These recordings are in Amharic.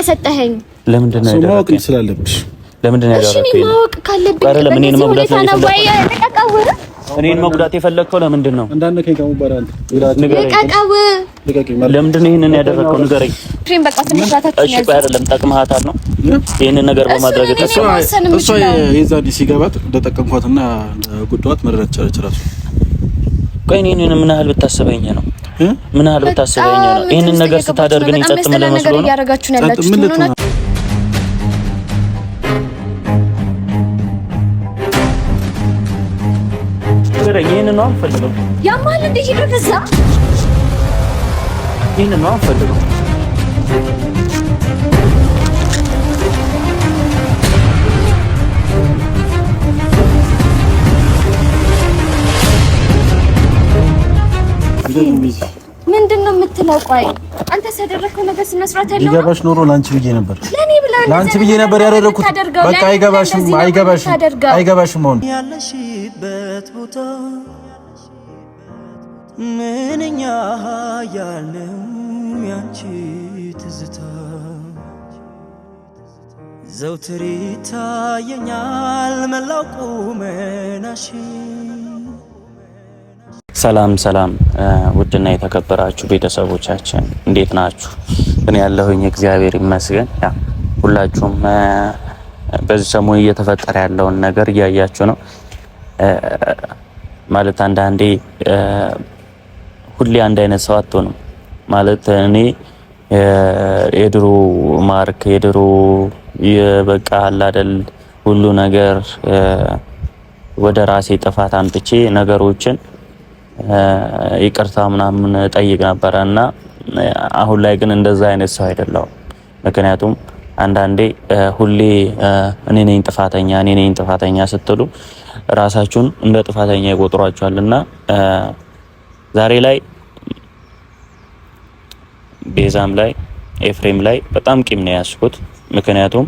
የሰጠኸኝ? ለምንድን ነው ያደረገኝ? ስላለብሽ ለምንድን ነው እሺ ማወቅ ካለብኝ አይደለም። እኔን መጉዳት እኔን መጉዳት የፈለግከው ለምንድን ነው? ለምንድን ነው ይሄንን ያደረግከው? ንገረኝ። እሺ ቆይ አይደለም፣ ጠቅመሃታል ነው ይሄንን ነገር በማድረግ እሷ የዛ ዲሲ ገባት እንደጠቀምኳትና ጉዳዋት መረዳት ቻለች ራሱ። ቆይ እኔን ምን ያህል ብታስበኝ ነው ምን አለ ታስበኛ ነው? ይህንን ነገር ስታደርግ ነው ጸጥ ምን መስሎ ነው ያደረጋችሁ ያላችሁ? ነው አንፈልገው። ያማል እንደ ነው አንፈልገው። ምንድን ነው የምትለው? ቆይ አንተ ያደረግከው ነገር ስነ ስርዓት ያለው ይገባሽ ኖሮ ላንቺ ብዬ ነበር ለኔ ብላ ላንቺ ብዬ ነበር ያደረግኩት። በቃ አይገባሽም፣ አይገባሽም፣ አይገባሽም። አሁን ያለሽበት ቦታ ምንኛ ያለው ያንቺ ትዝታ ዘውትር ይታየኛል መላው ቁመናሽ ሰላም ሰላም ውድና የተከበራችሁ ቤተሰቦቻችን እንዴት ናችሁ? እኔ ያለሁኝ እግዚአብሔር ይመስገን። ሁላችሁም በዚህ ሰሞን እየተፈጠረ ያለውን ነገር እያያችሁ ነው። ማለት አንዳንዴ ሁሌ አንድ አይነት ሰው አትሆንም። ማለት እኔ የድሮ ማርክ የድሮ በቃ አላደል ሁሉ ነገር ወደ ራሴ ጥፋት አምጥቼ ነገሮችን ይቅርታ ምናምን ጠይቅ ነበረ እና አሁን ላይ ግን እንደዛ አይነት ሰው አይደለሁም። ምክንያቱም አንዳንዴ ሁሌ እኔ ነኝ ጥፋተኛ እኔ ነኝ ጥፋተኛ ስትሉ ራሳችሁን እንደ ጥፋተኛ ይቆጥሯቸዋል እና ዛሬ ላይ ቤዛም ላይ ኤፍሬም ላይ በጣም ቂም ነው ያስኩት። ምክንያቱም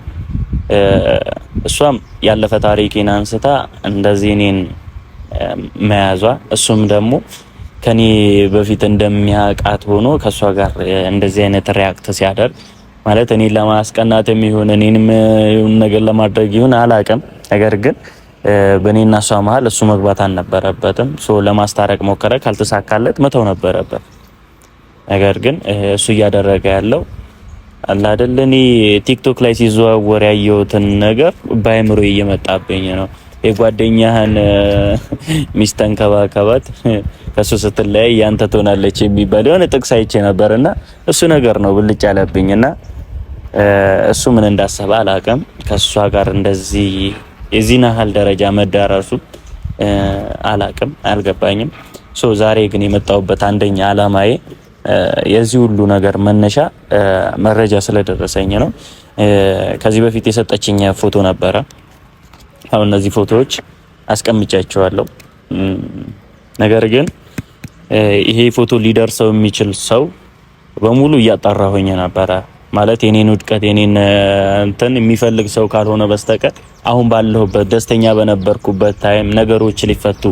እሷም ያለፈ ታሪኬን አንስታ እንደዚህ እኔን መያዟ እሱም ደግሞ ከኔ በፊት እንደሚያውቃት ሆኖ ከእሷ ጋር እንደዚህ አይነት ሪያክት ሲያደርግ ማለት እኔን ለማስቀናት የሚሆን እኔንም ነገር ለማድረግ ይሁን አላቅም። ነገር ግን በእኔና እሷ መሀል እሱ መግባት አልነበረበትም። ሶ ለማስታረቅ ሞከረ፣ ካልተሳካለት መተው ነበረበት። ነገር ግን እሱ እያደረገ ያለው አለ አይደል እኔ ቲክቶክ ላይ ሲዘዋወር ያየሁትን ነገር በአይምሮ እየመጣብኝ ነው የጓደኛህን ሚስት ተንከባከባት ከሱ ስትለያይ ያንተ ትሆናለች የሚባል የሆነ ጥቅስ አይቼ ነበር እና እሱ ነገር ነው ብልጭ ያለብኝ እና እሱ ምን እንዳሰበ አላቅም ከእሷ ጋር እንደዚህ የዚህን ያህል ደረጃ መዳረሱ አላቅም አልገባኝም። ሶ ዛሬ ግን የመጣሁበት አንደኛ አላማዬ የዚህ ሁሉ ነገር መነሻ መረጃ ስለደረሰኝ ነው። ከዚህ በፊት የሰጠችኝ ፎቶ ነበረ አሁን እነዚህ ፎቶዎች አስቀምጫቸዋለሁ። ነገር ግን ይሄ ፎቶ ሊደርሰው የሚችል ሰው በሙሉ እያጣራ ሆኜ ነበረ። ማለት የኔን ውድቀት የኔን እንትን የሚፈልግ ሰው ካልሆነ በስተቀር አሁን ባለሁበት ደስተኛ በነበርኩበት ታይም ነገሮች ሊፈቱ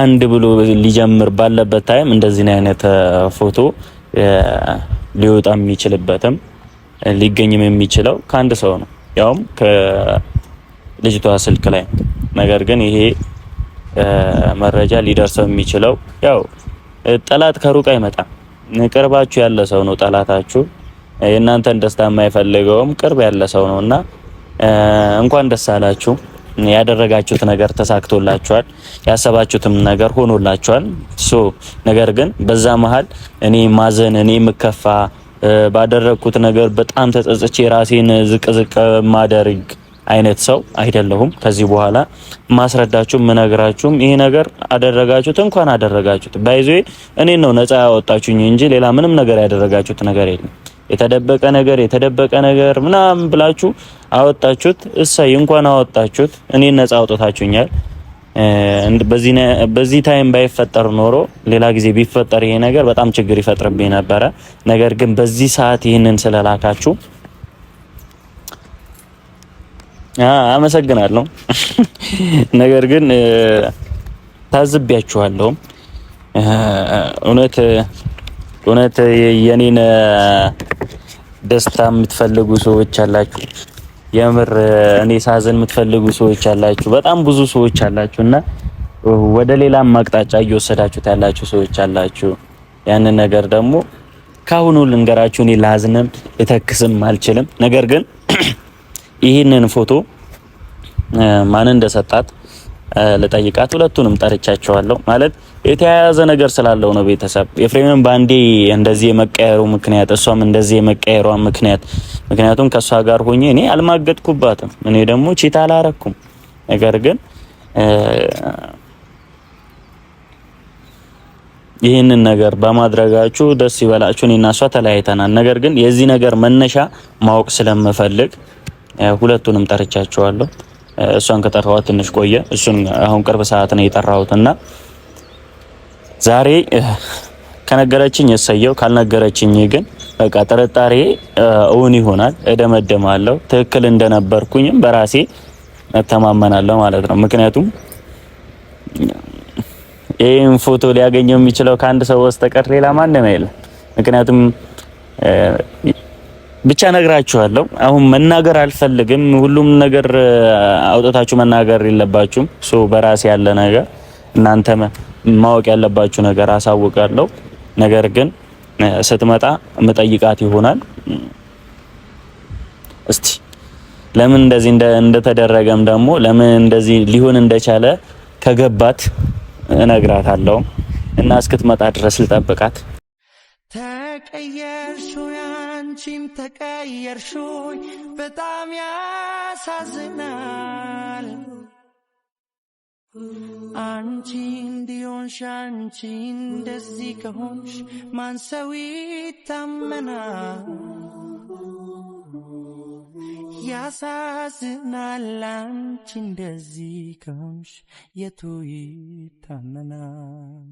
አንድ ብሎ ሊጀምር ባለበት ታይም እንደዚህ አይነት ፎቶ ሊወጣ የሚችልበትም ሊገኝም የሚችለው ከአንድ ሰው ነው ያውም ልጅቷ ስልክ ላይ። ነገር ግን ይሄ መረጃ ሊደርሰው የሚችለው ያው ጠላት ከሩቅ አይመጣም። ቅርባችሁ ያለ ሰው ነው ጠላታችሁ። የእናንተን ደስታ የማይፈልገውም ቅርብ ያለ ሰው ነው እና እንኳን ደስ አላችሁ። ያደረጋችሁት ነገር ተሳክቶላችኋል። ያሰባችሁትም ነገር ሆኖላችኋል። ሶ ነገር ግን በዛ መሀል እኔ ማዘን፣ እኔ የምከፋ ባደረግኩት ነገር በጣም ተጸጽቼ ራሴን ዝቅዝቅ ማደርግ አይነት ሰው አይደለሁም። ከዚህ በኋላ ማስረዳችሁ ምነግራችሁም ይሄ ነገር አደረጋችሁት እንኳን አደረጋችሁት ባይዘይ እኔ ነው ነፃ ያወጣችሁኝ እንጂ ሌላ ምንም ነገር ያደረጋችሁት ነገር የለም። የተደበቀ ነገር የተደበቀ ነገር ምናምን ብላችሁ አወጣችሁት። እሰይ እንኳን አወጣችሁት። እኔ ነፃ አውጥታችሁኛል። በዚህ ታይም ባይፈጠር ኖሮ ሌላ ጊዜ ቢፈጠር ይሄ ነገር በጣም ችግር ይፈጥርብኝ ነበረ። ነገር ግን በዚህ ሰዓት ይህንን ስለላካችሁ አመሰግናለሁ። ነገር ግን ታዝቢያችኋለሁ። እውነት እውነት የኔን ደስታ የምትፈልጉ ሰዎች አላችሁ። የምር እኔ ሳዘን የምትፈልጉ ሰዎች አላችሁ። በጣም ብዙ ሰዎች አላችሁ እና ወደ ሌላም አቅጣጫ እየወሰዳችሁት ያላችሁ ሰዎች አላችሁ። ያንን ነገር ደግሞ ካሁኑ ልንገራችሁ፣ እኔ ላዝንም ልተክስም አልችልም። ነገር ግን ይህንን ፎቶ ማን እንደሰጣት ልጠይቃት። ሁለቱንም ጠርቻቸዋለሁ። ማለት የተያያዘ ነገር ስላለው ነው። ቤተሰብ ኤፍሬምም ባንዴ እንደዚህ የመቀየሩ ምክንያት፣ እሷም እንደዚህ የመቀየሯ ምክንያት። ምክንያቱም ከእሷ ጋር ሆኜ እኔ አልማገጥኩባትም፣ እኔ ደግሞ ቺታ አላረኩም። ነገር ግን ይህንን ነገር በማድረጋችሁ ደስ ይበላችሁ። እኔና እሷ ተለያይተናል። ነገር ግን የዚህ ነገር መነሻ ማወቅ ስለምፈልግ ሁለቱንም ጠርቻቸዋለሁ። እሷን ከጠራኋት ትንሽ ቆየ። እሱን አሁን ቅርብ ሰዓት ነው የጠራሁት እና ዛሬ ከነገረችኝ እሰየው፣ ካልነገረችኝ ግን በቃ ጥርጣሬ እውን ይሆናል። እደመደማለሁ። ትክክል እንደነበርኩኝም በራሴ እተማመናለሁ ማለት ነው። ምክንያቱም ይህን ፎቶ ሊያገኘው የሚችለው ከአንድ ሰው በስተቀር ሌላ ማንም የለም። ምክንያቱም ብቻ ነግራችኋለሁ። አሁን መናገር አልፈልግም። ሁሉም ነገር አውጥታችሁ መናገር የለባችሁም። ሶ በራሴ ያለ ነገር እናንተ ማወቅ ያለባችሁ ነገር አሳውቃለሁ። ነገር ግን ስትመጣ መጠይቃት ይሆናል። እስቲ ለምን እንደዚህ እንደተደረገም ደግሞ ለምን እንደዚህ ሊሆን እንደቻለ ከገባት እነግራታለሁ እና እስክትመጣ ድረስ ልጠብቃት። ተቀየርሽ አንቺም ተቀየርሹኝ በጣም ያሳዝናል። አንቺ እንዲሆንሽ አንቺ እንደዚህ ከሆንሽ ማን ሰው ይታመናል? ያሳዝናል። አንቺ እንደዚህ ከሆንሽ የቱ ይታመናል?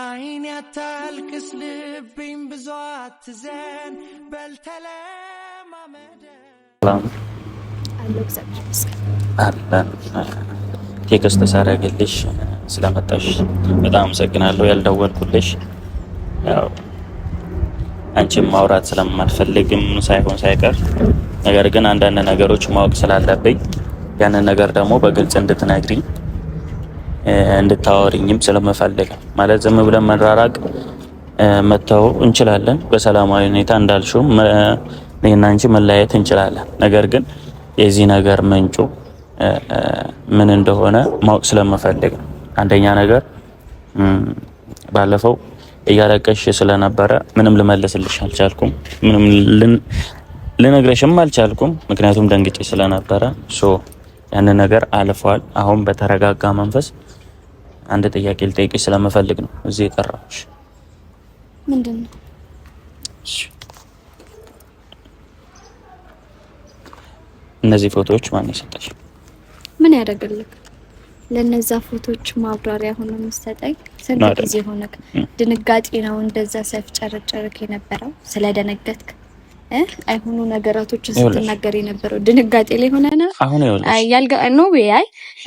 አይን ያታልቅስ ልብኝ ብዙ አትዘን በልተለማመደ ቴክስት ሳረግልሽ ስለመጣሽ በጣም አመሰግናለሁ። ያልደወልኩልሽ ያው አንቺም ማውራት ስለማልፈልግም ሳይሆን ሳይቀር ነገር ግን አንዳንድ ነገሮች ማወቅ ስላለብኝ ያንን ነገር ደግሞ በግልጽ እንድትነግሪኝ እንድታወሪኝም ስለምፈልግ ማለት ዝም ብለን መራራቅ መተው እንችላለን። በሰላማዊ ሁኔታ እንዳልሽው እኔና አንቺ መለያየት እንችላለን። ነገር ግን የዚህ ነገር ምንጩ ምን እንደሆነ ማወቅ ስለምፈልግ ነው። አንደኛ ነገር ባለፈው እያለቀሽ ስለነበረ ምንም ልመልስልሽ አልቻልኩም። ምንም ልነግረሽም አልቻልኩም፣ ምክንያቱም ደንግጬ ስለነበረ። ያንን ነገር አልፏል። አሁን በተረጋጋ መንፈስ አንድ ጥያቄ ልጠይቅሽ ስለምፈልግ ነው እዚህ የጠራሁሽ። ምንድን ነው? እነዚህ ፎቶዎች ማን የሰጠሽ? ምን ያደርግልክ? ለነዛ ፎቶዎች ማብራሪያ ሆኖ የምሰጠኝ ስንት ጊዜ ሆነክ? ድንጋጤ ነው እንደዛ ሰፍ ጨርጨርክ የነበረው ስለደነገጥክ አይሆኑ ነገራቶችን ስትናገር የነበረው ድንጋጤ ላይ ሆነ ነው። አሁን ነው አይ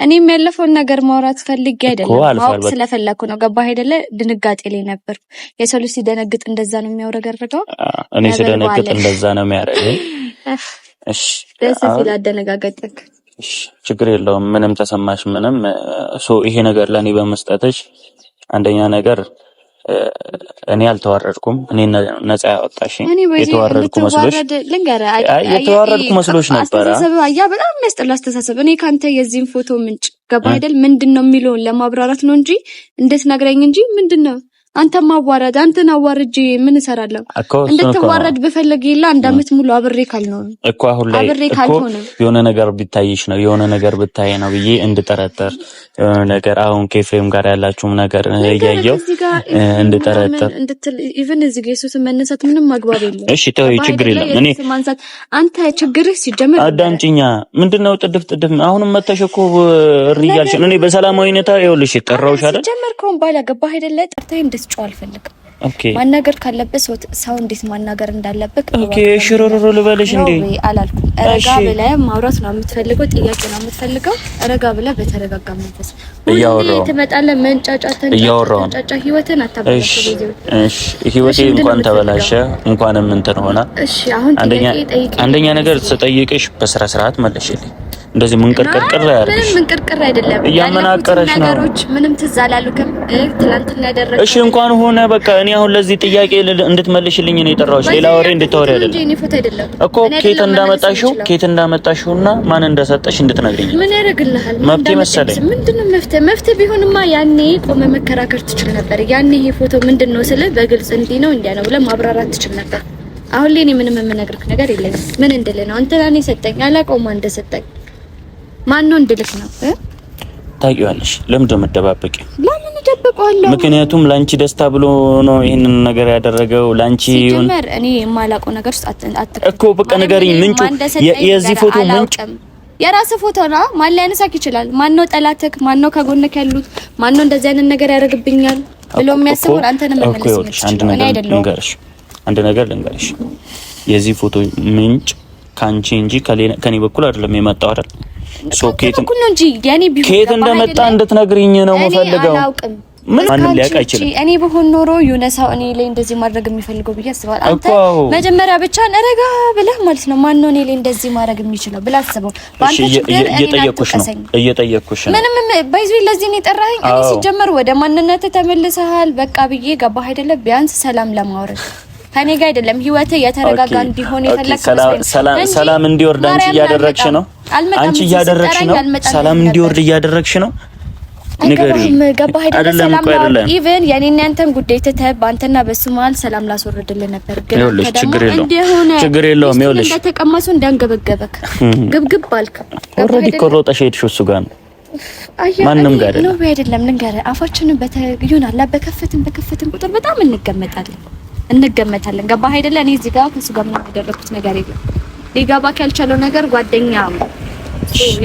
እኔም ያለፈውን ነገር ማውራት ፈልጌ አይደለም፣ ማወቅ ስለፈለኩ ነው። ገባህ አይደለ? ድንጋጤ ላይ ነበር። የሰው ልጅ ሲደነግጥ እንደዛ ነው የሚያውረገርገው። እኔ ሲደነግጥ እንደዛ ነው የሚያደርገው። ደስ ሲል አደነጋገጥክ። ችግር የለውም ምንም ተሰማሽ ምንም። ይሄ ነገር ለእኔ በመስጠትሽ አንደኛ ነገር እኔ አልተዋረድኩም። እኔ ነፃ ያወጣሽ የተዋረድኩ መስሎሽ የተዋረድኩ መስሎሽ ነበረ። አያ በጣም የሚያስጠላ አስተሳሰብ። እኔ ከአንተ የዚህን ፎቶ ምንጭ ገባ አይደል ምንድን ነው የሚለውን ለማብራራት ነው እንጂ እንደት ነግረኝ እንጂ ምንድን ነው አንተ ማዋረድ አንተን አዋርጄ ምን እሰራለሁ? እንድትዋረድ ብፈልግ ይላ አንድ ሙሉ አብሬ ካልነው እኮ አሁን ላይ አብሬ ካልሆነ የሆነ ነገር ቢታይሽ ነው የሆነ ነገር ብታይ ነው ብዬ እንድጠረጠር የሆነ ነገር አሁን ከኤፍሬም ጋር ያላችሁም ነገር እያየው እንድጠረጠር እንድትል ኢቭን እዚህ ጋር የሱስን መነሳት ምንም አግባብ የለም። እሺ ተወው፣ ችግር የለም። እኔ ማንሳት አንተ ችግርህ ሲጀምር አዳምጪኛ። ምንድነው ጥድፍ ጥድፍ? አሁንም መተሽ እኮ እሪ እያልሽ እኔ በሰላማዊ ሁኔታ ይኸውልሽ ጠራውሽ አይደል? ጀመርከውን ባላገባህ አይደለ? ጠርተህ እንደ እንድትጮህ አልፈልግም። ኦኬ ማናገር ካለበት ሰው እንዴት ማናገር እንዳለበት ኦኬ ሽሮሮሮ ልበልሽ እንዴ አላልኩም። ረጋ ብለህ ማውራት ነው የምትፈልገው፣ ጥያቄ ነው የምትፈልገው። ረጋ ብለህ በተረጋጋ መንፈስ ሁሌ ትመጣለህ። መንጫጫትን ጫጫ ህይወትን አታበላሽ። ህይወቴ እንኳን ተበላሸ እንኳንም እንትን ሆና። አንደኛ ነገር ስጠይቅሽ በስራ ስርዓት መለሽልኝ። እንደዚህ ምንቅርቅር ምንም ምንቅርቅር አይደለም። እያመናቀረሽ ነው ነገሮች ምንም ትዝ አላሉክም። ትላንትና ያደረገ እሺ እንኳን ሆነ በቃ እኔ አሁን ለዚህ ጥያቄ እንድትመልሽልኝ ነው የጠራሁሽ። ሌላ ወሬ እንድታወሪ አይደለም እኮ ኬት እንዳመጣሽው ኬት እንዳመጣሽውና ማን እንደሰጠሽ እንድትነግሪኝ። ምን ያደርግልሃል? መፍትሄ መሰለኝ። ምንድነው መፍትሄ? መፍትሄ ቢሆንማ ያኔ ቆመ መከራከር ትችል ነበር። ያኔ ይሄ ፎቶ ምንድነው ስለ በግልጽ እንዲህ ነው እንዲያ ነው ብለህ ማብራራት ትችል ነበር። አሁን ላይ እኔ ምንም የምነግርህ ነገር የለኝም። ምን እንድልህ ነው? እንትና እኔ ሰጠኝ አላውቀውም እንደሰጠኝ ማን ነው እንድልሽ ነው ታውቂዋለሽ። ለምን ደም ተደባበቂ? ለምን ደብቀዋለሁ? ምክንያቱም ላንቺ ደስታ ብሎ ነው ይሄንን ነገር ያደረገው። ላንቺ ይሁን ጀመር። እኔ የማላውቀው ነገር ውስጥ አትክተት እኮ በቃ ንገሪኝ፣ ምንጩ የዚህ ፎቶ ምንጭ የራስ ፎቶ ነው። ማን ሊያነሳክ ይችላል? ማን ነው ጠላትክ? ማን ነው ከጎንክ ያሉት? ማን ነው እንደዚህ አይነት ነገር ያደርግብኛል ብሎ የሚያስበው? አንተንም መመለስ አንድ ነገር ልንገርሽ፣ አንድ ነገር ልንገርሽ፣ የዚህ ፎቶ ምንጭ ካንቺ እንጂ ከኔ በኩል አይደለም የመጣው አይደል ከየት እንደመጣ እንድትነግሪኝ ነው የምፈልገው። ምን ማንም ሊያውቅ አይችልም። እኔ ብሆን ኖሮ የሆነ ሰው እኔ ላይ እንደዚህ ማድረግ የሚፈልገው ብዬ አስባለሁ። አንተ መጀመሪያ ብቻ ረጋ ብለህ ማለት ነው ማን ነው እኔ ላይ እንደዚህ ማድረግ የሚችለው ብለህ አስበው። እየጠየኩሽ ነው እየጠየኩሽ ነው። ምንም ባይዙ ለዚህ ነው የጠራኸኝ። እኔ ሲጀመር ወደ ማንነት ተመልሰሃል። በቃ ብዬ ገባህ አይደለም ቢያንስ ሰላም ለማውረድ ከኔ ጋር አይደለም ህይወት የተረጋጋ እንዲሆን የፈለከው ሰላም ሰላም ሰላም እንዲወርድ አንቺ እያደረግሽ ነው። አንቺ እያደረግሽ ነው። ሰላም እንዲወርድ እያደረግሽ ነው። ንገሪኝ ገባህ አይደለም? ሰላም ነው። ኢቭን የኔና ያንተን ጉዳይ ትተህ በአንተና በስሟል ሰላም ላስወርድልህ ነበር፣ ግን ችግር የለውም ችግር የለውም። ይኸውልሽ እንደተቀመሱ እንዳንገበገበክ ግብግብ አልክ። ኦልሬዲ እኮ ሮጠሽ ሄድሽው እሱ ጋር ነው ማንም ጋር አይደለም። ልንገርህ አፋችንን በተ ይሆናል በከፈትን በከፈትን ቁጥር በጣም እንገመጣለን። እንገመታለን። ገባ አይደለ? እኔ እዚህ ጋር ከሱ ጋር ምንም ያደረኩት ነገር የለም። ሊገባ ያልቻለው ነገር ጓደኛ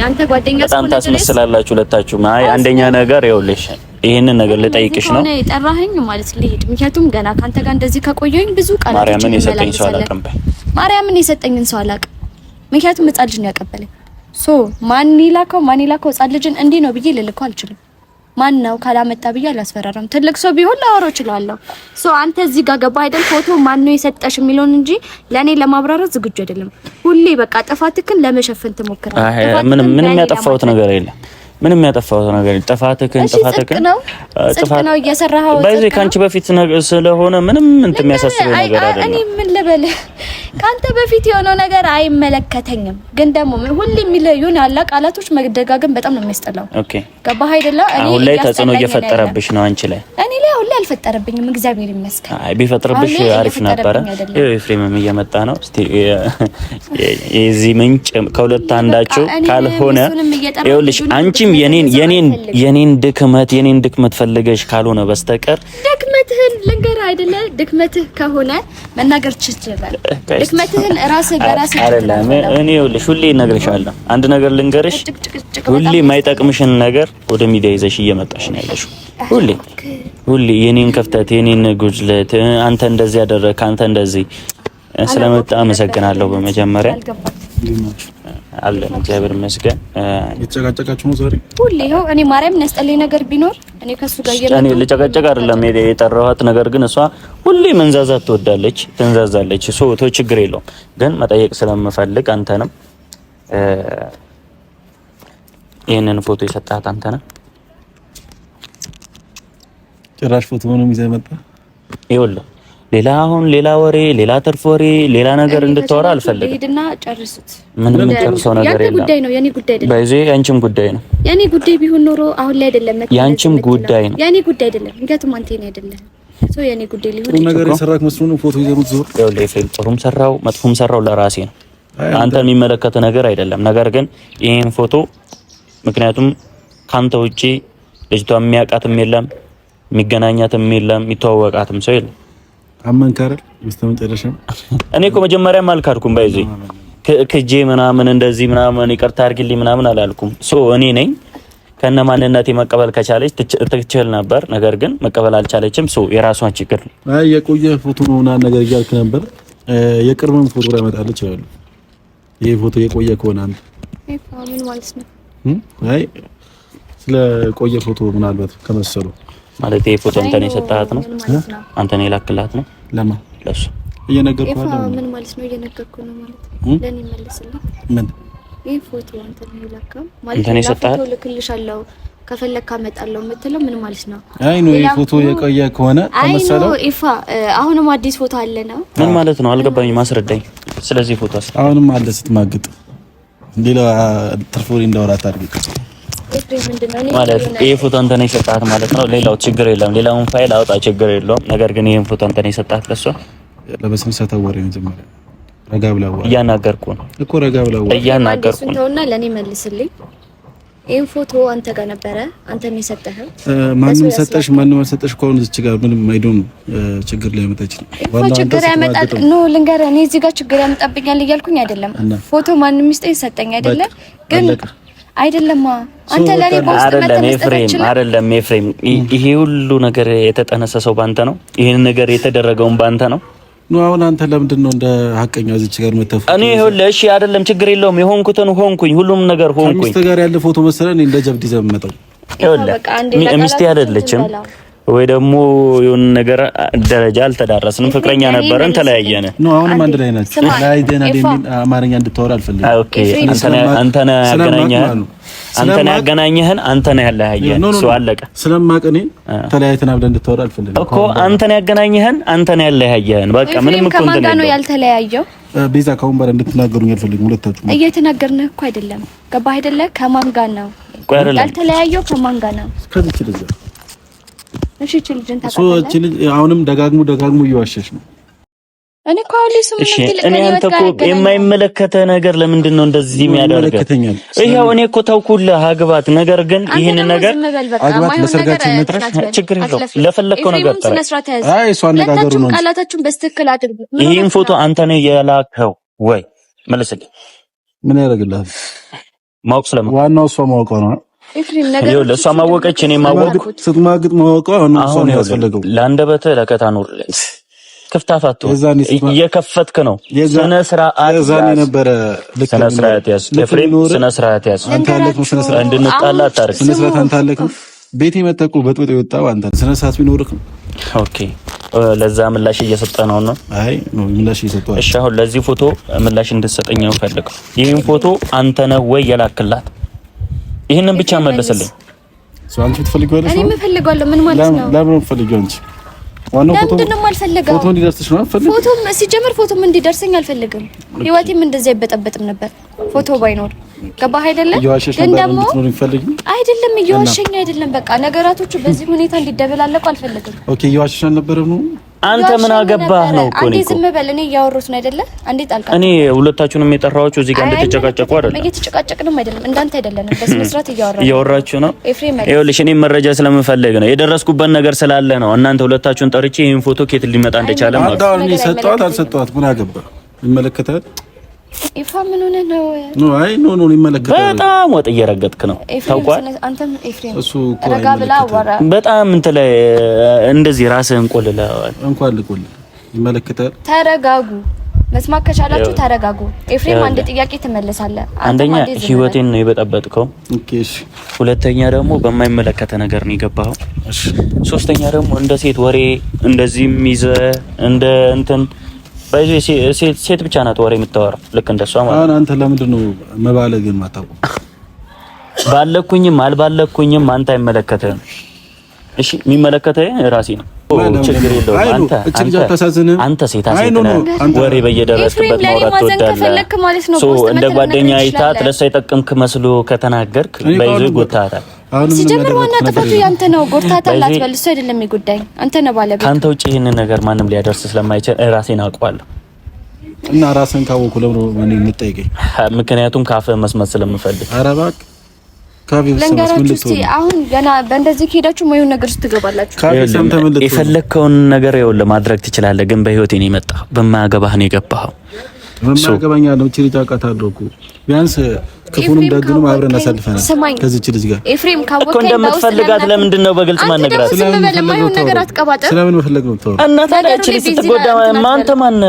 ያንተ ጓደኛ በጣም ታስመስላላችሁ ሁለታችሁ። አይ አንደኛ ነገር ይኸውልሽ፣ ይሄንን ነገር ልጠይቅሽ ነው የጠራኸኝ ማለት ልሄድ። ምክንያቱም ገና ካንተ ጋር እንደዚህ ከቆየኝ ብዙ ቃል ማርያምን የሰጠኝ ሰው አላውቅም። ማርያምን የሰጠኝን ሰው አላውቅም። ምክንያቱም ሕፃን ልጅ ነው ያቀበለኝ። ሶ ማን ይላከው ማን ይላከው ሕፃን ልጅን እንዲህ ነው ብዬ ልልከው አልችልም። ማን ነው ካላመጣ ብዬ አላስፈራራም። ትልቅ ሰው ቢሆን ላወሮ እችላለሁ። ሶ አንተ እዚህ ጋር ገባ አይደል? ፎቶ ማን ነው የሰጠሽ የሚለውን እንጂ ለእኔ ለማብራራት ዝግጁ አይደለም። ሁሌ በቃ ጥፋትክን ለመሸፈን ትሞክራለህ። ምንም ምንም ያጠፋሁት ነገር የለም። ምንም ያጠፋሁት ነገር ጥፋትክን ጥፋትክን ጥፋት ነው እየሰራኸው በዚህ ካንቺ በፊት ስለሆነ ምንም እንትን የሚያሳስበው ነገር አይደለም። እኔ ምን ልበልህ ከአንተ በፊት የሆነው ነገር አይመለከተኝም። ግን ደግሞ ሁሌ የሚለዩን ያለ ቃላቶች መደጋገም በጣም ነው የሚያስጠላው። ገባህ አይደለ? አሁን ላይ ተጽዕኖ እየፈጠረብሽ ነው አንቺ ላይ። እኔ ላይ አሁን ላይ አልፈጠረብኝም፣ እግዚአብሔር ይመስገን። አይ ቢፈጥርብሽ አሪፍ ነበረ። ይሄ ፍሬምም እየመጣ ነው። እስቲ የዚህ ምንጭ ከሁለት አንዳቸው ካልሆነ ይኸውልሽ፣ አንቺም የኔን የኔን የኔን ድክመት የኔን ድክመት ፈልገሽ ካልሆነ በስተቀር ድክመትህን ልንገርህ አይደለ? ድክመትህ ከሆነ መናገር ትችላለህ ድክመትህን አይደለም። እኔ ይኸውልሽ ሁሌ እነግርሻለሁ፣ አንድ ነገር ልንገርሽ። ሁሌ የማይጠቅምሽን ነገር ወደ ሚዲያ ይዘሽ እየመጣሽ ነው ያለሽው። ሁሌ ሁሌ የኔን ክፍተት፣ የኔን ጉድለት፣ አንተ እንደዚህ ያደረግ አንተ እንደዚህ ስለመጣ አመሰግናለሁ በመጀመሪያ አለን። እግዚአብሔር ይመስገን። የተጨቃጨቃችሁ ነው ዛሬ? ሁሌ ይኸው እኔ ማርያም ያስጠላኝ ነገር ቢኖር እኔ ከሱ ጋር እኔ ልጨቃጨቅ አይደለም የጠራኋት። ነገር ግን እሷ ሁሌ መንዛዛት ትወዳለች፣ ትንዛዛለች። ሶ ቶ ችግር የለውም ግን መጠየቅ ስለምፈልግ አንተንም ይህንን ፎቶ የሰጣት አንተነህ ጭራሽ ፎቶ ነው ይዘህ መጣ ይኸውልህ ሌላ አሁን ሌላ ወሬ ሌላ ትርፍ ወሬ ሌላ ነገር እንድታወራ አልፈልግም። ሄድና ጨርሱት። ምንም ጨርሰው ነገር የለም። ጉዳይ ነው፣ የኔ ጉዳይ አይደለም። በዚህ ያንቺም ጉዳይ ነው። የኔ ጉዳይ ቢሆን ኖሮ አሁን ላይ አይደለም። ያንቺም ጉዳይ ነው፣ የኔ ጉዳይ አይደለም። ምክንያቱም አንተ የኔ አይደለም ሰው የኔ ጉዳይ ሊሆን ይችላል። ነገር የሰራክ መስሎ ነው ፎቶ ይዘሩት ዞር ያው ለይፈል ጥሩም ሰራው መጥፎም ሰራው ለራሴ ነው፣ አንተ የሚመለከተ ነገር አይደለም። ነገር ግን ይሄን ፎቶ ምክንያቱም ካንተ ውጪ ልጅቷ የሚያውቃትም የለም፣ የሚገናኛትም የለም፣ የሚተዋወቃትም ሰው የለም። አመንካረል አይደል? በስተመጨረሻም እኔ እኮ መጀመሪያ አልካድኩም። ባይዜ ክጄ ምናምን እንደዚህ ምናምን ይቅርታ አድርግልኝ ምናምን አላልኩም። ሶ እኔ ነኝ ከነ ማንነቴ መቀበል ከቻለች ትችል ነበር፣ ነገር ግን መቀበል አልቻለችም። ሶ የራሷን ችግር ነው። አይ የቆየ ፎቶ ነው ምናምን ነገር እያልክ ነበር። የቅርብም ፎቶ ላይ መጣለች ይላሉ። ይሄ ፎቶ የቆየ ከሆነ አንተ ምን ማለት ነው? አይ ስለ ቆየ ፎቶ ምናልባት ከመሰሉ ማለት ይሄ ፎቶ እንትን የሰጣት ነው አንተ ነው የላክላት ነው ለማ ለሱ እየነገርኩ ነው ምን ማለት ነው እየነገርኩ ነው ማለት ለኔ መልስልኝ ምን ይሄ ፎቶ አንተ ነው የላከው ማለት ነው ፎቶ ልክልሻለሁ ከፈለግክ አመጣለሁ የምትለው ምን ማለት ነው? አይ ነው ይሄ ፎቶ የቆየ ከሆነ ተመሰለው ኢፋ አሁንም አዲስ ፎቶ አለ ነው ምን ማለት ነው አልገባኝ። ማስረዳኝ። ስለዚህ ፎቶ አሁንም አለ ስትማግጥ ሌላ ትርፎሪ እንዳወራት አድርጊ ማለት ይህ ፎቶ አንተ ነው የሰጣት ማለት ነው። ሌላው ችግር የለም። ሌላውን ፋይል አውጣ፣ ችግር የለውም። ነገር ግን ይህን ፎቶ አንተ ነው የሰጣት ለሷ። ለበስም ሰታወሪ መጀመሪያ ረጋ ብላ አዋራ። እያናገርኩ ነው እኮ ረጋ ብላ አዋራ። እያናገርኩ ነው ተውና፣ ለኔ መልስልኝ። ይሄን ፎቶ አንተ ጋር ነበረ፣ አንተ ነው የሰጠህ። ማንም ሰጠሽ ማንም አልሰጠሽ ከሆነ እዚህ ጋር ምንም አይዶም ችግር ላይ ያመጣች ነው ችግር ያመጣል። ኖ ልንገርህ፣ እኔ እዚህ ጋር ችግር ያመጣብኛል እያልኩኝ አይደለም። ፎቶ ማንም ይስጠኝ ሰጠኝ አይደለም ግን አይደለማ አንተ ለኔ ፖስት አይደለም ኤፍሬም፣ ይሄ ሁሉ ነገር የተጠነሰሰው ባንተ ነው። ይሄን ነገር የተደረገውን ባንተ ነው። አሁን አንተ ለምንድን ነው እንደ ሀቀኛ እዚች ጋር መተፍ? እኔ ይኸውልህ፣ እሺ አይደለም፣ ችግር የለውም። የሆንኩትን ሆንኩኝ፣ ሁሉም ነገር ሆንኩኝ። ሚስት ጋር ያለ ፎቶ መሰለህ እንደ ጀብድ ይዘመጠው የምመጣው። ሚስቴ አይደለችም ወይ ደግሞ የሆነ ነገር ደረጃ አልተዳረስንም። ፍቅረኛ ነበረን፣ ተለያየን። ኖ አሁንም አንድ ላይ ናችሁ። ተለያይተናል የሚል አማርኛ እንድታወራ አልፈልግም። ኦኬ፣ አንተ ነህ ያገናኘህን፣ አንተ ነህ ያገናኘህን፣ አንተ ነህ ያለያየህን። እሱ አለቀ። ስለማቅ እኔ ተለያይተናል ብለህ እንድታወራ አልፈልግም እኮ። አንተ ነህ ያገናኘህን፣ አንተ ነህ ያለያየህን። በቃ ምንም እኮ እንትን ነው ያልተለያየው። ቤዛ ከአሁን በኋላ እንድትናገሩኝ አልፈልግም። ሁለታችሁ እየተናገርንህ እኮ አይደለም። ገባህ አይደለ? ከማን ጋር ነው ያልተለያየው? ከማን ጋር ነው እሺ አሁንም እየዋሸሽ ነው። እኔ እኮ አሁን እኔ አንተ እኮ የማይመለከተህ ነገር ለምንድን ነው እንደዚህ የሚያደርገው? እኔ እኮ ተውኩልህ አግባት። ነገር ግን ይህን ነገር አግባት ችግር ለፈለከው ነገር አይ እሱ አነጋገሩ ነው። ቃላታችሁን አድርጉ። ይሄን ፎቶ አንተ ነህ የላከው ወይ? መልስልኝ። ምን ማወቅ ስለማ ዋናው እሷ ማወቅ ነው እሷ ማወቀች እኔ ማወቅ ስትማግጥ ማወቀ አሁን ያስፈልገው ለአንደበተ ለከታ ኑር ክፍታፋቱ እየከፈትክ ነው። ስነ ስርዓት ነበረ። ስነ ስርዓት ያዝ፣ ኤፍሬም ስነ ስርዓት ያዝ። እንድንጣላ አታርግ። ስነ ስርዓት አንተ አለክ። ቤት የመጠቁ በጥብጥ የወጣው አንተ ስነ ስርዓት ቢኖርክ ነው። ኦኬ፣ ለዛ ምላሽ እየሰጠ ነው ነው። አይ ምላሽ እየሰጠ እሺ። አሁን ለዚህ ፎቶ ምላሽ እንድትሰጠኝ ነው ፈልገው። ይህን ፎቶ አንተ ነህ ወይ የላክላት? ይሄንን ብቻ መለሰልኝ። አንቺ ትፈልጊዋለሽ? እኔ ምን ማለት ነው? አንቺ ዋናው ፎቶ ፎቶ እንዲደርስሽ ነው። ፎቶም ሲጀምር ፎቶም እንዲደርሰኝ አልፈልግም። ህይወቴም እንደዚህ አይበጠበጥም ነበር ፎቶ ባይኖር ገባህ አይደለም? ግን ደግሞ አይደለም እየዋሸኝ አይደለም። በቃ ነገራቶቹ በዚህ ሁኔታ እንዲደበላለቁ አልፈልግም። ኦኬ እየዋሸሽ አልነበረም ነው አንተ ምን አገባህ ነው እኮ እኔ ዝም በል። እኔ እያወሩት ነው አይደለ? አንዴ ጣልቃ እኔ ሁለታችሁንም የጠራኋችሁ እዚህ ጋር እንደተጨቃጨቁ አይደለም፣ እየተጨቃጨቅንም አይደለም። እንዳንተ አይደለም። በስነ ስርዓት እያወራችሁ ነው። ይኸውልሽ እኔ መረጃ ስለምፈልግ ነው የደረስኩበት ነገር ስላለ ነው። እናንተ ሁለታችሁን ጠርቼ ይሄን ፎቶ ኬት ሊመጣ እንደቻለ ማለት ነው። ሰጠዋት አልሰጠዋት ምን አገባህ? ይመለከታል ኢፋ ምን ሆነ ነው? ኖ አይ ኖ ኖ ይመለከታል። በጣም ወጥ እየረገጥክ ነው ታውቋል። አንተም ኤፍሬም እሱ ረጋ ብላ አወራ። በጣም እንትን ላይ እንደዚህ ራስህን ቆልለዋል። እንኳን ልቆል ይመለከታል። ተረጋጉ። መስማት ከቻላችሁ ተረጋጉ። ኤፍሬም አንድ ጥያቄ ትመልሳለህ። አንደኛ ህይወቴን ነው የበጠበጥከው። ሁለተኛ ደግሞ በማይመለከተ ነገር ነው የገባኸው። ሶስተኛ ደግሞ እንደ ሴት ወሬ እንደዚህም ይዘህ እንደ እንትን ባይዞ ሴት ብቻ ናት ወሬ የምታወራው ልክ እንደሷ ማለት ነው። አንተ ለምንድን ነው መባለግን ማታውቁ? ባለኩኝም አልባለኩኝም አንተ አይመለከትህም። እሺ የሚመለከተህ ራሴ ነው። ችግር የለውም። አንተ አንተ ሴት ወሬ በየደረስክበት ማውራት ትወዳለህ። እንደ ጓደኛ አይታት ለእሷ የጠቀምክ መስሎ ከተናገርክ ባይዞ ይጎታታል። ሲጀምር ዋና ጥፋቱ ያንተ ነው። ጎርታታ ላትበል እሱ አይደለም ጉዳይ፣ አንተ ነህ ባለቤት። ከአንተ ውጭ ይህንን ነገር ማንም ሊያደርስ ስለማይችል ራሴን አውቀዋለሁ። እና ራስን ካወኩ ለምን እኔ የምጠይቀኝ? ምክንያቱም ካፍ መስማት ስለምፈልግ። ኧረ እባክህ ለንገራችሁ አሁን ገና በእንደዚህ ከሄዳችሁ ምን ነገር ውስጥ የፈለግከውን ነገር ይኸውልህ ማድረግ ትችላለህ፣ ግን በህይወት ነው የመጣኸው፣ በማያገባህ ነው የገባኸው። መማገባኛ ነው ችሪታ ቃታለሁ እኮ ቢያንስ ክፉንም ደግንም አብረን አሳልፈናል። ከዚች ልጅ ጋር ኤፍሬም ካወቀ እንደምትፈልጋት ለምንድን ነው በግልጽ ማነግራት? ስለምን መፈለግ ነው? ታውቃለህ እናት ላይ ችሪት ስትጎዳ ማን ተማነ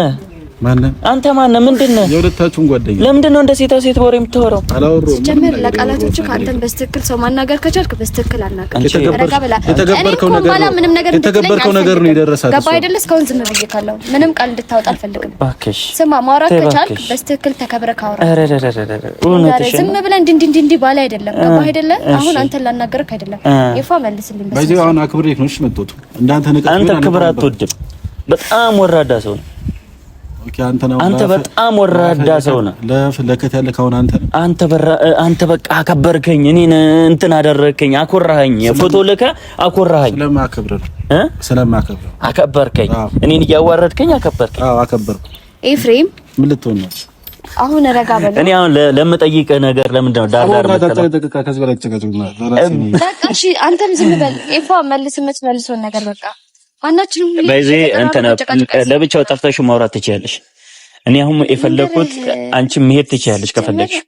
አንተ ማነህ? ነህ? የሁለታችሁን ጓደኛ ለምንድን ነው እንደ ሴታ ሴት ወሬ የምታወራው? ጀምር። ለቃላቶቹ አንተን በስትክክል ሰው ማናገር ከቻልክ በስትክክል አናገር። የተገበርከው ነገር ነው ምንም ነገር ነገር ነው። የደረሳት። ገባ አይደለ? እስካሁን ዝም ብዬ ካለው ምንም ቃል እንድታወጣ አልፈልግም። ስማ፣ ማውራት ከቻልክ በስትክክል ተከብረህ ካውራ። ዝም ብለህ እንዲህ እንዲህ ባለ አይደለም። ገባ አይደለ? አሁን አንተን ላናገርክ አይደለም። ይፋ መልስልኝ። በዚህ አሁን አክብሬት ነው እሺ። መጥቶት እንዳንተ ነገር አንተ ክብር አትወድም። በጣም ወራዳ ሰው ነው አንተ በጣም ወራዳ ሰው ነህ። ለከት ያለ ከሆነ አንተ ነህ። አንተ በራ አንተ በቃ አከበርከኝ፣ እኔን እንትን አደረከኝ፣ አኮራኸኝ። ፎቶ ልከ አኮራኸኝ። ስለማከብር እ ስለማከብር አከበርከኝ። እኔን እያዋረድከኝ አከበርከኝ። አዎ አከበርኩ። ኤፍሬም ምን ልትሆን ነው? አሁን ረጋ በል። እኔ አሁን ለምጠይቅህ ነገር ለምንድን ነው ዳር ዳር ነው። ከዚህ በላይ አንተም ዝም በል ኤፋ፣ መልስ የምትመልሰውን ነገር በቃ ዋናችን ለብቻው ጠፍተሽ ማውራት ትችያለሽ። እኔ አሁን የፈለኩት አንቺ መሄድ ትችያለሽ ከፈለግሽ።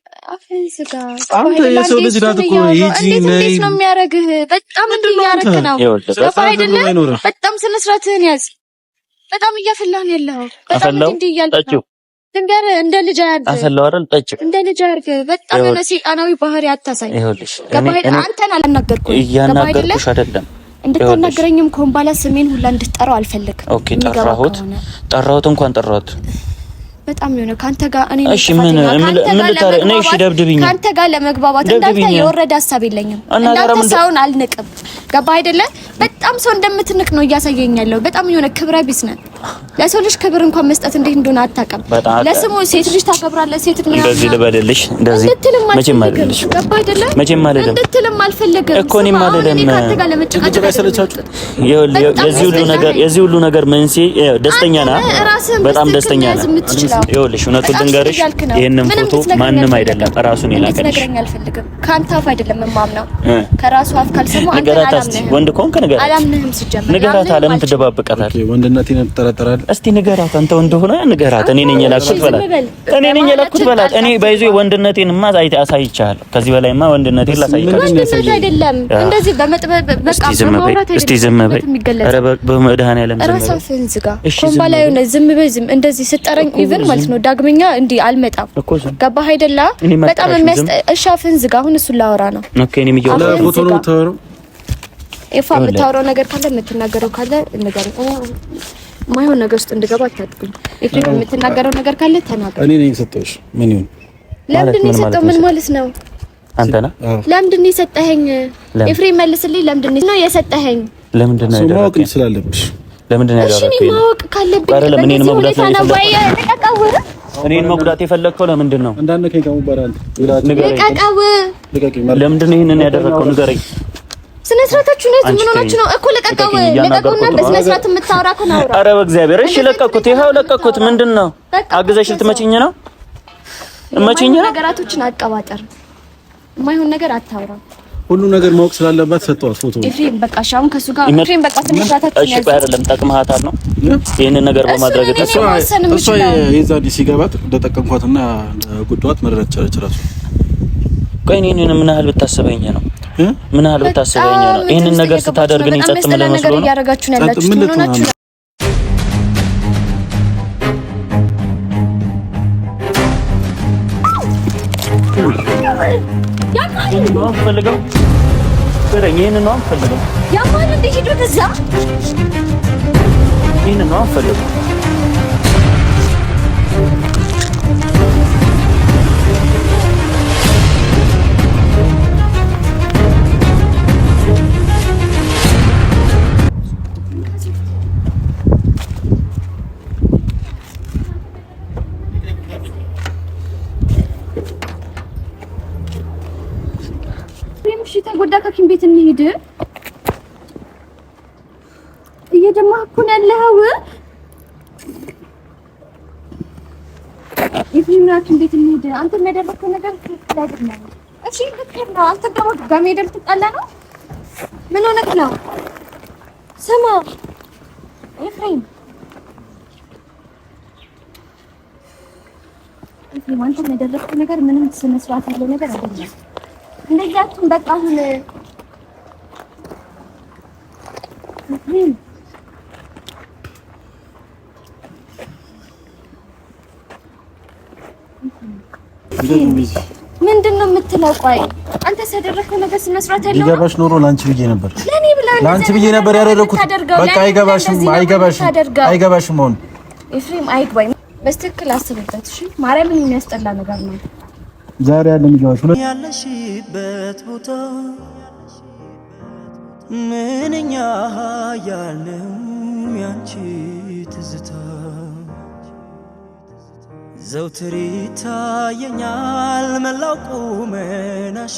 አንተ የሰው ልጅ ናት እኮ ሂጂ ነይ ነው በጣም እንዲያረግ ነው አይደለ? በጣም ስነ ስርዓትህን ያዝ። በጣም ያለው በጣም እንዲህ እያልክ ነው ድንገር እንደ ልጅ አፈላው አይደል? ጠጭ እንደ ልጅ በጣም ባህሪ አታሳይ። ይኸውልሽ አንተን አላናገርኩ እያናገርኩሽ አይደለም እንድታናገረኝም ባላ ስሜን ሁላ እንድትጠራው አልፈልግም። ኦኬ ጠራሁት፣ ጠራሁት እንኳን ጠራሁት። በጣም የሆነ ካንተ ጋር እኔ እሺ፣ ምን ምን ልታረ እኔ እሺ፣ ደብድብኝ። ካንተ ጋር ለመግባባት እንዳንተ የወረደ ሀሳብ የለኝም። እንዳንተ ሰውን አልንቅም። ገባ አይደለ? በጣም ሰው እንደምትንቅ ነው እያሳየኛለሁ። በጣም የሆነ ክብረ ቢስ ነን ለሰው ልጅ ክብር እንኳን መስጠት እንዴት እንደሆነ አታውቅም። ለስሙ ሴት ልጅ ታከብራለህ። ሴት ልጅ እንደዚህ ልበልልሽ፣ እንደዚህ መቼም አልልሽ፣ መቼም አልልም እንድትልም አልፈልግም እኮ እኔም አልልም። የዚህ ሁሉ ነገር የዚህ ሁሉ ነገር መንስኤ ደስተኛ ነህ፣ በጣም ደስተኛ ነህ። ይኸውልሽ፣ እውነቱን ልንገርሽ፣ ይሄንን ፎቶ ማንም አይደለም እራሱን የላከልሽ። ከአንተ አፍ አይደለም የማምነው ከራሱ አፍ ካልሰማሁ አንተ አላምንህም። ወንድ ከሆንክ ንገራት፣ አላምንህም። ሲጀመር ንገራት። ለምን ትደባብቃታለህ? ወንድነቴን እጠራጠራለሁ እስቲ ንገራት፣ ወንድ እንደሆነ ንገራት። እኔ ነኝ የላኩት በላት፣ እኔ ነኝ የላኩት በላት። እኔ ባይዞ ወንድነቴንማ አሳይቻለሁ። ከዚህ በላይማ ወንድነቴን ላሳይቻለሁ። አይደለም ዝም በይ። እንደዚህ ስጠረኝ ኢቭን ማለት ነው ዳግመኛ እንዲህ አልመጣም። ገባህ አይደላ? በጣም የሚያስጠ እሺ፣ አፍህን ዝጋ። አሁን እሱን ላወራ ነው። ኦኬ፣ እኔም ነው የምታወራው ነገር ካለ የምትናገረው ካለ እንገናኝ። ማይሆን ነገር ውስጥ እንድገባ አታጥቁኝ። ኤፍሬም የምትናገረው ነገር ካለ ተናገር። እኔ ነኝ የሰጠሁሽ። ምን ይሁን? ለምንድን ነው የሰጠው? ምን ማለት ነው? አንተ ነህ። ለምንድን ነው የሰጠኸኝ? ኤፍሬም መልስልኝ። ለምንድን ነው የሰጠኸኝ? ለምንድን ነው ያደረገው? ማወቅ ስላለብሽ ለምንድን ነው ያደረገው? እሺ ማወቅ ካለብኝ አይደለም። እኔን መጉዳት ነው ወይ ተቃወረ? እኔን መጉዳት የፈለግከው ለምንድን ነው? እንዳንከኝ ከሙባራን ልቀቀው። ለምንድን ነው ይሄንን ያደረገው? ንገረኝ ስነ ስርዓታችሁ ነው። ዝም ሆናችሁ ነው እኮ በስነ ስርዓት የምታወራ በእግዚአብሔር እሺ፣ ለቀኩት። ይኸው ለቀኩት። ምንድን ነው አግዘሽ ልትመጪኝ ነው? ነገራቶችን አቀባጠር፣ የማይሆን ነገር አታውራ። ሁሉ ነገር ማወቅ ስላለባት ሰጠዋት ፎቶ። ኤፍሬም በቃ ከሱ ጋር ኤፍሬም በቃ ስነ ስርዓታችሁ እሺ። ቆይ አይደለም፣ ጠቅመሃታል ነው ነገር በማድረግ እሷ የዛ ዲሲ ገባት እንደጠቀምኳትና ጉዳዋት መረዳት ቻለች እራሱ። ቆይ እኔን ምን ያህል ብታስበኝ ነው ምን ያህል ብታስበኝ ነው? ይህንን ነገር ስታደርግ እኔን ጸጥ የምልህ መስሎ ነው? ይህንን ነው የምፈልገው ቤት እንሂድ። እየደማህ ነው ያለኸው። የፊልም ቤት እንሂድ። አንተ የሚያደርገው ነገር ትክክል አይደለም። እሺ ልክህ ነው። አንተ ደግሞ ድጋሜ ሄደህ ልትጣላ ነው? ምን ሆነህ ነው? ስማ ኤፍሬም አንተ ያደረግከው ነገር ምንም ስነ ስርዓት ያለው ነገር አይደለም። እንደዚህ አትሁን። በቃ አሁን ምንድን ነው የምትለው? ቆይ አንተ ያደረግከው ነገር ስነ ስርዓት ያለው ኖሮ ብዬ ነበር ብዬ ነበር ያደረኩት። በቃ አይገባሽም፣ አይገባሽም፣ አይገባሽም። አሁን ኤፍሬም አይግባኝ። አስብበት እሺ። ማርያምን የሚያስጠላ ነገር ነው ዛሬ ያለ ያለሽበት ቦታ ምንኛ ያልነው ያንቺ ትዝታ ዘውትር ይታየኛል መላው ቁመናሽ